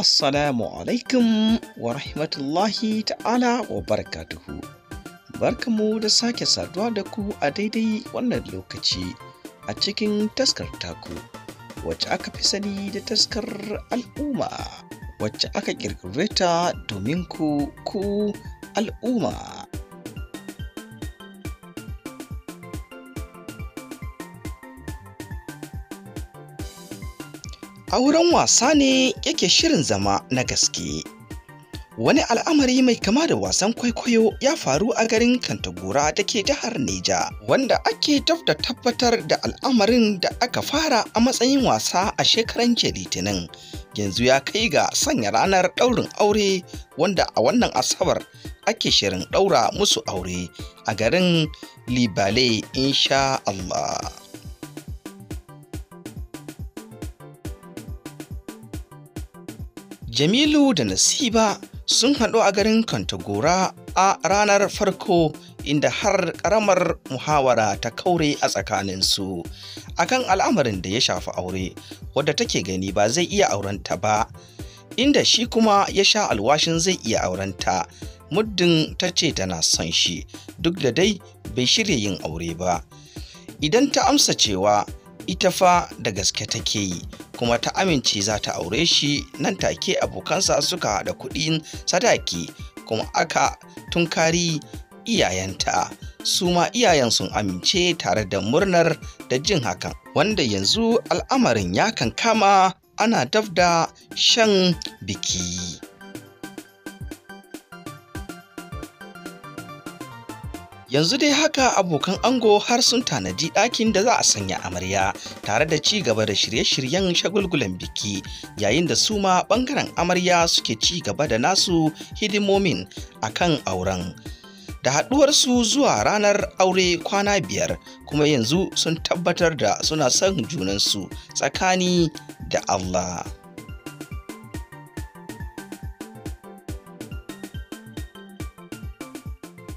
Assalamu alaikum wa rahmatullahi ta'ala wa barakatuhu. Barkamu da sake saduwa da ku a daidai wannan lokaci a cikin taskar taku, wacce aka fi sani da taskar al'umma, wacce aka ƙirƙire domin ku ku al'umma. auren wasa ne yake shirin zama na gaske. Wani al'amari mai kama da wasan kwaikwayo ya faru a garin Kantagora da ke jihar Neja, wanda ake daf tabbatar da al'amarin da aka fara a matsayin wasa a shekaran Litinin. Yanzu ya kai ga sanya ranar ɗaurin aure wanda a wannan Asabar ake shirin ɗaura musu aure a garin Libale, insha Allah. Jamilu da Nasiba sun haɗu a garin Kantagora a ranar farko inda har ƙaramar muhawara ta kaure a tsakaninsu akan al'amarin da ya shafi aure wadda take gani ba zai iya aurenta ba inda shi kuma ya sha alwashin zai iya aurenta muddin ta ce tana son shi duk da dai bai shirya yin aure ba idan ta amsa cewa ita fa da gaske take yi kuma ta amince za ta aure shi nan take abokansa suka haɗa kuɗin sadaki kuma aka tunkari iyayenta su ma iyayen sun amince tare da murnar da jin hakan wanda yanzu al'amarin ya kankama ana daf da shan biki yanzu dai haka abokan ango har sun tanadi ɗakin da za a sanya amarya tare da ci gaba da shirye-shiryen shagulgulan biki yayin da su ma ɓangaren amarya suke ci gaba da nasu hidimomin a kan auren da haɗuwarsu zuwa ranar aure kwana biyar kuma yanzu sun tabbatar da suna son junansu tsakani da Allah.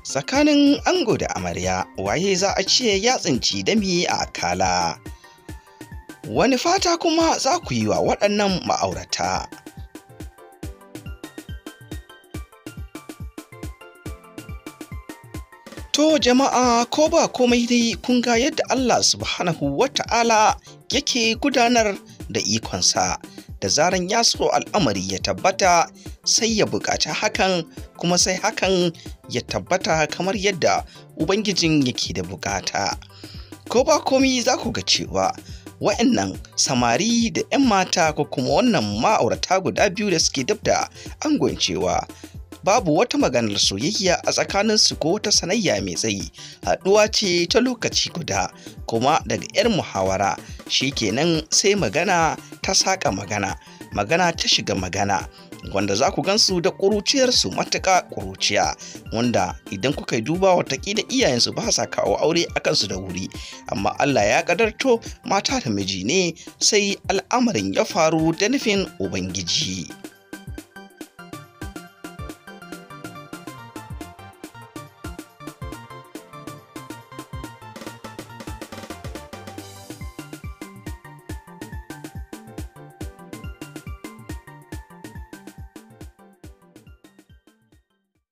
tsakanin ango da amarya waye za a ce ya tsinci dami a kala wani fata kuma za ku yi wa waɗannan ma'aurata To jama'a ko ba komai dai kun ga yadda Allah subhanahu wa ta'ala yake gudanar da ikonsa da zaran ya so al'amari ya tabbata sai ya buƙaci hakan kuma sai hakan ya tabbata kamar yadda ubangijin yake da buƙata ko ba komi za ku ga cewa wa'annan samari da 'yan mata ko kuma wannan ma'aurata guda biyu da suke dab da cewa babu wata maganar soyayya a tsakanin su ko ta sanayya mai tsayi haɗuwa ce ta lokaci guda kuma daga 'yar muhawara shi kenan sai magana ta saƙa magana magana ta shiga magana wanda za ku gansu da ƙuruciyarsu matuƙa ƙuruciya wanda idan kuka yi duba watakila iyayensu ba sa kawo aure a kansu da wuri amma Allah ya ƙadarto mata da miji ne sai al'amarin ya faru da nufin Ubangiji.